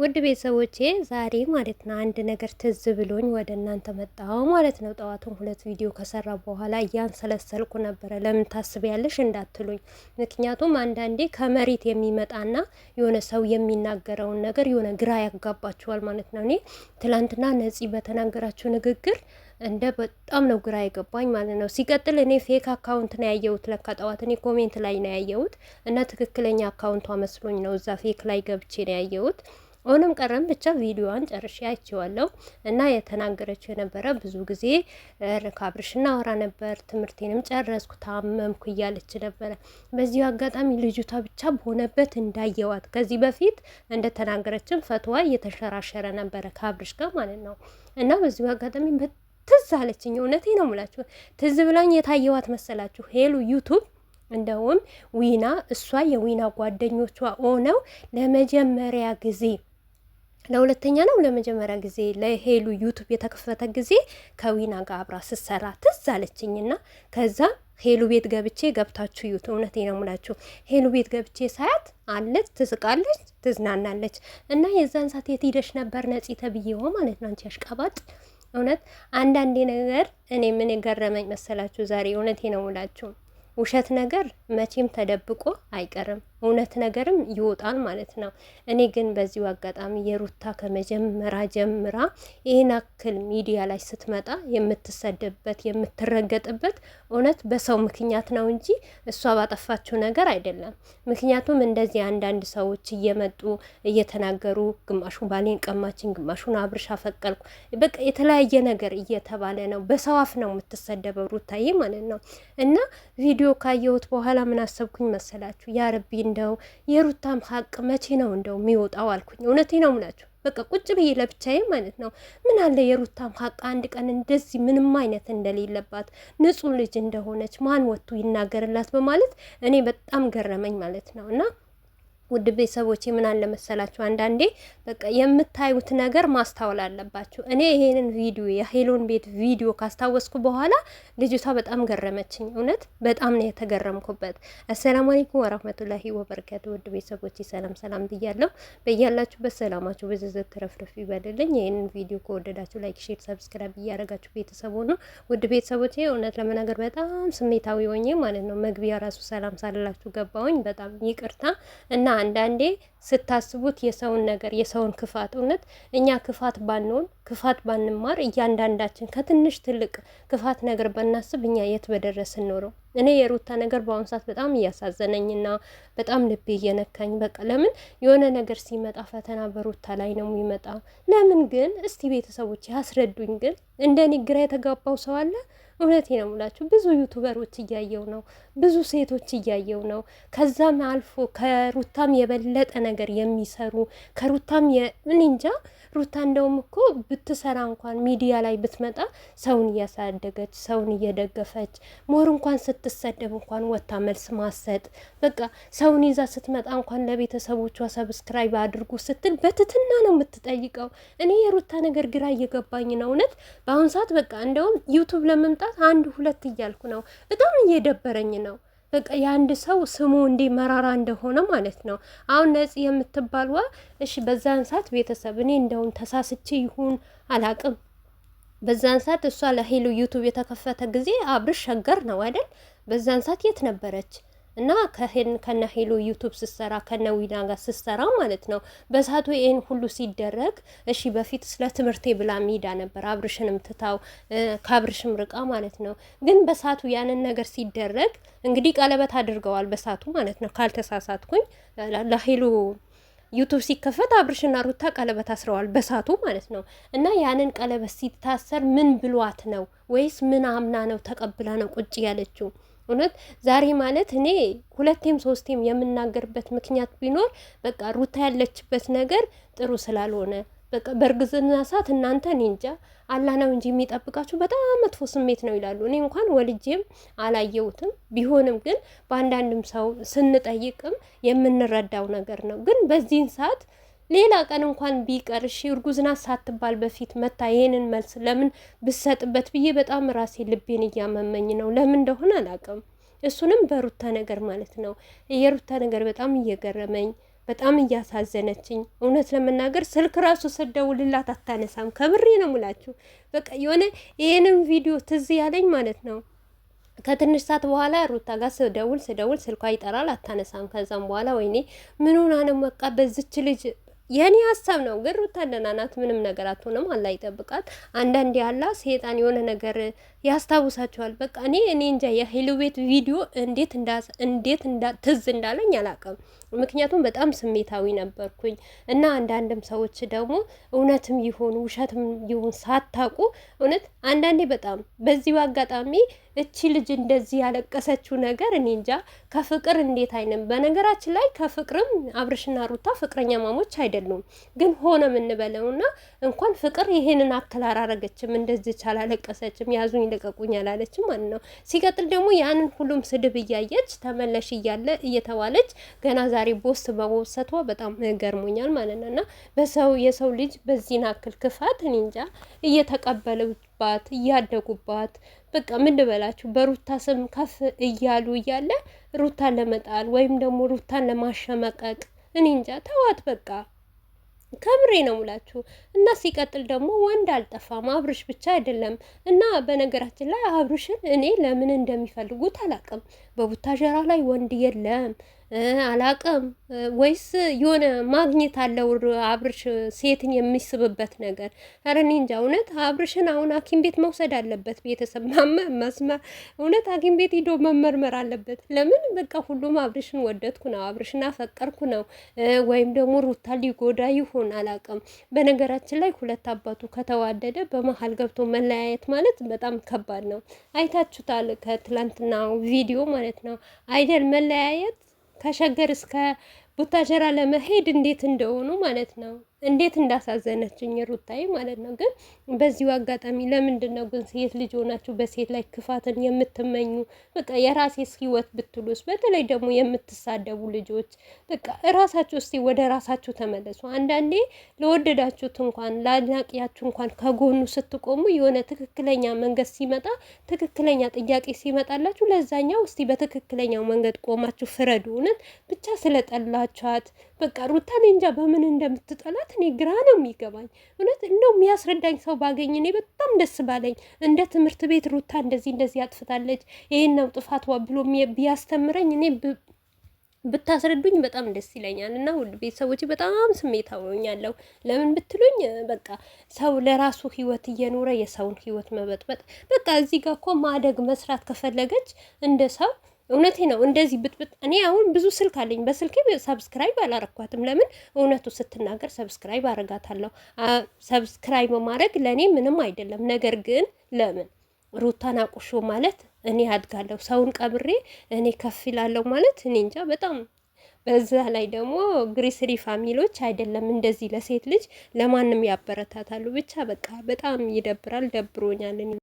ውድ ቤተሰቦቼ ዛሬ ማለት ነው አንድ ነገር ትዝ ብሎኝ ወደ እናንተ መጣሁ ማለት ነው። ጠዋቱን ሁለት ቪዲዮ ከሰራ በኋላ እያንሰለሰልኩ ነበረ። ለምን ታስቢያለሽ እንዳትሉኝ፣ ምክንያቱም አንዳንዴ ከመሬት የሚመጣና የሆነ ሰው የሚናገረውን ነገር የሆነ ግራ ያጋባችኋል ማለት ነው። እኔ ትላንትና ነፂ በተናገራችሁ ንግግር እንደ በጣም ነው ግራ የገባኝ ማለት ነው። ሲቀጥል እኔ ፌክ አካውንት ነው ያየሁት ለካ ጠዋት እኔ ኮሜንት ላይ ነው ያየሁት እና ትክክለኛ አካውንቷ መስሎኝ ነው እዛ ፌክ ላይ ገብቼ ነው ያየሁት ሆኖም ቀረም ብቻ ቪዲዮዋን ጨርሼ አይቼዋለሁ እና የተናገረችው የነበረ ብዙ ጊዜ ከአብርሽ እናወራ ነበር፣ ትምህርቴንም ጨረስኩ፣ ታመምኩ እያለች ነበረ። በዚሁ አጋጣሚ ልጅቷ ብቻ በሆነበት እንዳየዋት ከዚህ በፊት እንደተናገረችን ፈትዋ እየተሸራሸረ ነበረ ከአብርሽ ጋር ማለት ነው እና በዚሁ አጋጣሚ ትዝ አለችኝ። እውነቴ ነው ሙላችሁ ትዝ ብላኝ የታየዋት መሰላችሁ ሄሉ ዩቱብ እንደውም ዊና እሷ የዊና ጓደኞቿ ሆነው ለመጀመሪያ ጊዜ ለሁለተኛ ነው ለመጀመሪያ ጊዜ ለሄሉ ዩቱብ የተከፈተ ጊዜ ከዊና ጋር አብራ ስትሰራ ትዝ አለችኝና ከዛ ሄሉ ቤት ገብቼ ገብታችሁ ዩት እውነት ነው ሙላችሁ ሄሉ ቤት ገብቼ ሳያት አለች፣ ትስቃለች፣ ትዝናናለች። እና የዛን ሰዓት የት ሄደሽ ነበር ነፂ ተብዬዋ ማለት ነው። አንቺ አሽቃባጭ እውነት አንዳንዴ ነገር እኔ ምን የገረመኝ መሰላችሁ ዛሬ እውነቴ ነው ሙላችሁ ውሸት ነገር መቼም ተደብቆ አይቀርም። እውነት ነገርም ይወጣል ማለት ነው። እኔ ግን በዚሁ አጋጣሚ የሩታ ከመጀመራ ጀምራ ይህን አክል ሚዲያ ላይ ስትመጣ የምትሰደብበት የምትረገጥበት እውነት በሰው ምክንያት ነው እንጂ እሷ ባጠፋችው ነገር አይደለም። ምክንያቱም እንደዚህ አንዳንድ ሰዎች እየመጡ እየተናገሩ ግማሹ ባሌን ቀማችን፣ ግማሹን አብርሽ አፈቀልኩ፣ በቃ የተለያየ ነገር እየተባለ ነው። በሰው አፍ ነው የምትሰደበው ሩታዬ ማለት ነው። እና ቪዲዮ ካየሁት በኋላ ምን አሰብኩኝ መሰላችሁ ያ እንደው የሩታም ሀቅ መቼ ነው እንደው የሚወጣው አልኩኝ። እውነቴ ነው ምላችሁ በቃ ቁጭ ብዬ ለብቻዬ ማለት ነው። ምን አለ የሩታም ሀቅ አንድ ቀን እንደዚህ ምንም አይነት እንደሌለባት ንጹሕ ልጅ እንደሆነች ማን ወጥቶ ይናገርላት በማለት እኔ በጣም ገረመኝ ማለት ነው እና ውድ ቤተሰቦች ምን አለ መሰላችሁ፣ አንዳንዴ በቃ የምታዩት ነገር ማስታወል አለባችሁ። እኔ ይሄንን ቪዲዮ የሄሎን ቤት ቪዲዮ ካስታወስኩ በኋላ ልጅቷ በጣም ገረመችኝ። እውነት በጣም ነው የተገረምኩበት። አሰላሙ አለይኩም ወራህመቱላሂ ወበረካቱ። ውድ ቤተሰቦች ሰላም ሰላም ብያለሁ። በያላችሁበት ሰላማችሁ በዝዝት ትረፍረፍ ይበልልኝ። ይህንን ቪዲዮ ከወደዳችሁ ላይክ፣ ሼር፣ ሰብስክራይብ እያደረጋችሁ ቤተሰቡ ነው። ውድ ቤተሰቦች እውነት ለመናገር በጣም ስሜታዊ ሆኜ ማለት ነው መግቢያ ራሱ ሰላም ሳልላችሁ ገባሁኝ። በጣም ይቅርታ እና አንዳንዴ ስታስቡት የሰውን ነገር የሰውን ክፋት እውነት እኛ ክፋት ባንሆን ክፋት ባንማር እያንዳንዳችን ከትንሽ ትልቅ ክፋት ነገር ባናስብ እኛ የት በደረስን ኖረው። እኔ የሩታ ነገር በአሁኑ ሰዓት በጣም እያሳዘነኝና በጣም ልቤ እየነካኝ በቃ ለምን የሆነ ነገር ሲመጣ ፈተና በሩታ ላይ ነው የሚመጣ? ለምን ግን እስቲ ቤተሰቦች ያስረዱኝ። ግን እንደኔ ግራ የተጋባው ሰው አለ? እውነቴ ነው የምላችሁ ብዙ ዩቱበሮች እያየው ነው፣ ብዙ ሴቶች እያየው ነው። ከዛም አልፎ ከሩታም የበለጠ ነገር የሚሰሩ ከሩታም ምን እንጃ ሩታ እንደውም እኮ ብትሰራ እንኳን ሚዲያ ላይ ብትመጣ ሰውን እያሳደገች ሰውን እየደገፈች ሞር እንኳን ስትሰደብ እንኳን ወታ መልስ ማሰጥ በቃ ሰውን ይዛ ስትመጣ እንኳን ለቤተሰቦቿ ሰብስክራይብ አድርጉ ስትል በትትና ነው የምትጠይቀው። እኔ የሩታ ነገር ግራ እየገባኝ ነው እውነት በአሁን ሰዓት በቃ እንደውም ዩቱብ ለመምጣት ሰዓት አንድ ሁለት እያልኩ ነው። በጣም እየደበረኝ ነው። በቃ የአንድ ሰው ስሙ እንዲህ መራራ እንደሆነ ማለት ነው። አሁን ነጽ የምትባልዋ እሺ፣ በዛን ሰዓት ቤተሰብ እኔ እንደውም ተሳስቼ ይሁን አላቅም። በዛን ሰዓት እሷ ለሄሎ ዩቱብ የተከፈተ ጊዜ አብርሽ ሸገር ነው አይደል? በዛን ሰዓት የት ነበረች? እና ከነ ሄሎ ዩቱብ ስሰራ ከነ ዊና ጋር ስሰራ ማለት ነው በሳቱ ይህን ሁሉ ሲደረግ፣ እሺ በፊት ስለ ትምህርቴ ብላ ሚዳ ነበር አብርሽንም ትታው ከአብርሽም ርቃ ማለት ነው። ግን በሳቱ ያንን ነገር ሲደረግ እንግዲህ ቀለበት አድርገዋል በሳቱ ማለት ነው ካልተሳሳትኩኝ ለሄሎ ዩቱብ ሲከፈት አብርሽና ሩታ ቀለበት አስረዋል በሳቱ ማለት ነው። እና ያንን ቀለበት ሲታሰር ምን ብሏት ነው ወይስ ምን አምና ነው ተቀብላ ነው ቁጭ ያለችው? እውነት ዛሬ ማለት እኔ ሁለቴም ሶስቴም የምናገርበት ምክንያት ቢኖር በቃ ሩታ ያለችበት ነገር ጥሩ ስላልሆነ በቃ በእርግዝና ሰዓት እናንተ ኒንጃ አላ ነው እንጂ የሚጠብቃችሁ በጣም መጥፎ ስሜት ነው ይላሉ። እኔ እንኳን ወልጄም አላየሁትም። ቢሆንም ግን በአንዳንድም ሰው ስንጠይቅም የምንረዳው ነገር ነው። ግን በዚህን ሰዓት ሌላ ቀን እንኳን ቢቀር እርጉዝ እርጉዝና ሳትባል በፊት መታ ይሄንን መልስ ለምን ብሰጥበት ብዬ በጣም ራሴ ልቤን እያመመኝ ነው። ለምን እንደሆነ አላውቅም። እሱንም በሩታ ነገር ማለት ነው። የሩታ ነገር በጣም እየገረመኝ በጣም እያሳዘነችኝ፣ እውነት ለመናገር ስልክ ራሱ ስደውልላት አታነሳም። ከብሬ ነው ሙላችሁ። በቃ የሆነ ይህንም ቪዲዮ ትዝ ያለኝ ማለት ነው ከትንሽ ሰዓት በኋላ ሩታ ጋር ስደውል ስደውል ስልኳ ይጠራል፣ አታነሳም። ከዛም በኋላ ወይኔ ምን ሆና ነው በቃ ልጅ የኔ ሀሳብ ነው። ግን ሩታ ደህና ናት፣ ምንም ነገር አትሆንም። አላህ ይጠብቃት። አንዳንዴ ያላ ሴጣን የሆነ ነገር ያስታውሳቸዋል። በቃ እኔ እኔ እንጃ የሄሎ ቤት ቪዲዮ እንዴት እንዴት ትዝ እንዳለኝ አላውቅም። ምክንያቱም በጣም ስሜታዊ ነበርኩኝ እና አንዳንድም ሰዎች ደግሞ እውነትም ይሆን ውሸትም ይሁን ሳታውቁ እውነት አንዳንዴ በጣም በዚሁ አጋጣሚ እቺ ልጅ እንደዚህ ያለቀሰችው ነገር እኔ እንጃ ከፍቅር እንዴት አይንም። በነገራችን ላይ ከፍቅርም አብርሽና ሩታ ፍቅረኛ ማሞች አይደሉም፣ ግን ሆነም እንበለውና እንኳን ፍቅር ይሄንን አክል አላረገችም፣ እንደዚች አላለቀሰችም ያዙኝ እኔን ልቀቁኝ አላለችም ማለት ነው። ሲቀጥል ደግሞ ያንን ሁሉም ስድብ እያየች ተመለሽ እያለ እየተባለች ገና ዛሬ ቦስ በቦሰቷ በጣም ገርሞኛል ማለት ነው። እና በሰው የሰው ልጅ በዚህን አክል ክፋት እኔ እንጃ እየተቀበሉባት እያደጉባት በቃ ምን ልበላችሁ በሩታ ስም ከፍ እያሉ እያለ ሩታን ለመጣል ወይም ደግሞ ሩታን ለማሸመቀቅ እኔ እንጃ ተዋት በቃ። ከምሬ ነው ሙላችሁ። እና ሲቀጥል ደግሞ ወንድ አልጠፋም፣ አብርሽ ብቻ አይደለም። እና በነገራችን ላይ አብርሽን እኔ ለምን እንደሚፈልጉት አላቅም በቡታጀራ ላይ ወንድ የለም አላቅም ወይስ የሆነ ማግኘት አለው አብርሽ ሴትን የሚስብበት ነገር? ኧረ እኔ እንጃ። እውነት አብርሽን አሁን ሐኪም ቤት መውሰድ አለበት ቤተሰብ መስመር እውነት ሐኪም ቤት ሂዶ መመርመር አለበት። ለምን በቃ ሁሉም አብርሽን ወደድኩ ነው አብርሽን አፈቀርኩ ነው ወይም ደግሞ ሩታ ሊጎዳ ይሆን አላቅም። በነገራችን ላይ ሁለት አባቱ ከተዋደደ በመሀል ገብቶ መለያየት ማለት በጣም ከባድ ነው። አይታችሁታል ከትላንትና ቪዲዮ ማለት ነው አይደል መለያየት ከሸገር እስከ ቡታጀራ ለመሄድ እንዴት እንደሆኑ ማለት ነው። እንዴት እንዳሳዘነችኝ ሩታዬ ማለት ነው። ግን በዚሁ አጋጣሚ ለምንድን ነው ግን ሴት ልጅ ሆናችሁ በሴት ላይ ክፋትን የምትመኙ? በቃ የራሴስ ህይወት ብትሉስ? በተለይ ደግሞ የምትሳደቡ ልጆች በቃ እራሳችሁ እስቲ ወደ ራሳችሁ ተመለሱ። አንዳንዴ ለወደዳችሁት እንኳን ለአድናቂያችሁ እንኳን ከጎኑ ስትቆሙ የሆነ ትክክለኛ መንገድ ሲመጣ ትክክለኛ ጥያቄ ሲመጣላችሁ ለዛኛው እስቲ በትክክለኛው መንገድ ቆማችሁ ፍረዱ። እውነት ብቻ ስለጠላችኋት በቃ ሩታ እኔ እንጃ በምን እንደምትጠላት እኔ ግራ ነው የሚገባኝ። እውነት እንደው የሚያስረዳኝ ሰው ባገኝ እኔ በጣም ደስ ባለኝ። እንደ ትምህርት ቤት ሩታ እንደዚህ እንደዚህ አጥፍታለች፣ ይህን ነው ጥፋትዋ ብሎ ቢያስተምረኝ እኔ ብታስረዱኝ በጣም ደስ ይለኛል። እና ውድ ቤተሰቦች በጣም ስሜታዊ ሆኛለሁ። ለምን ብትሉኝ በቃ ሰው ለራሱ ህይወት እየኖረ የሰውን ህይወት መበጥበጥ በቃ እዚህ ጋር እኮ ማደግ መስራት ከፈለገች እንደ ሰው እውነቴ ነው። እንደዚህ ብጥብጥ እኔ አሁን ብዙ ስልክ አለኝ። በስልክ ሰብስክራይብ አላረኳትም። ለምን እውነቱ ስትናገር ሰብስክራይብ አረጋታለሁ። ሰብስክራይብ ማድረግ ለእኔ ምንም አይደለም። ነገር ግን ለምን ሩታን አቁሾ ማለት እኔ አድጋለሁ፣ ሰውን ቀብሬ እኔ ከፍ ይላለሁ ማለት እኔ እንጃ በጣም በዛ ላይ ደግሞ ግሪስሪ ፋሚሊዎች አይደለም እንደዚህ ለሴት ልጅ ለማንም ያበረታታሉ። ብቻ በቃ በጣም ይደብራል፣ ደብሮኛል።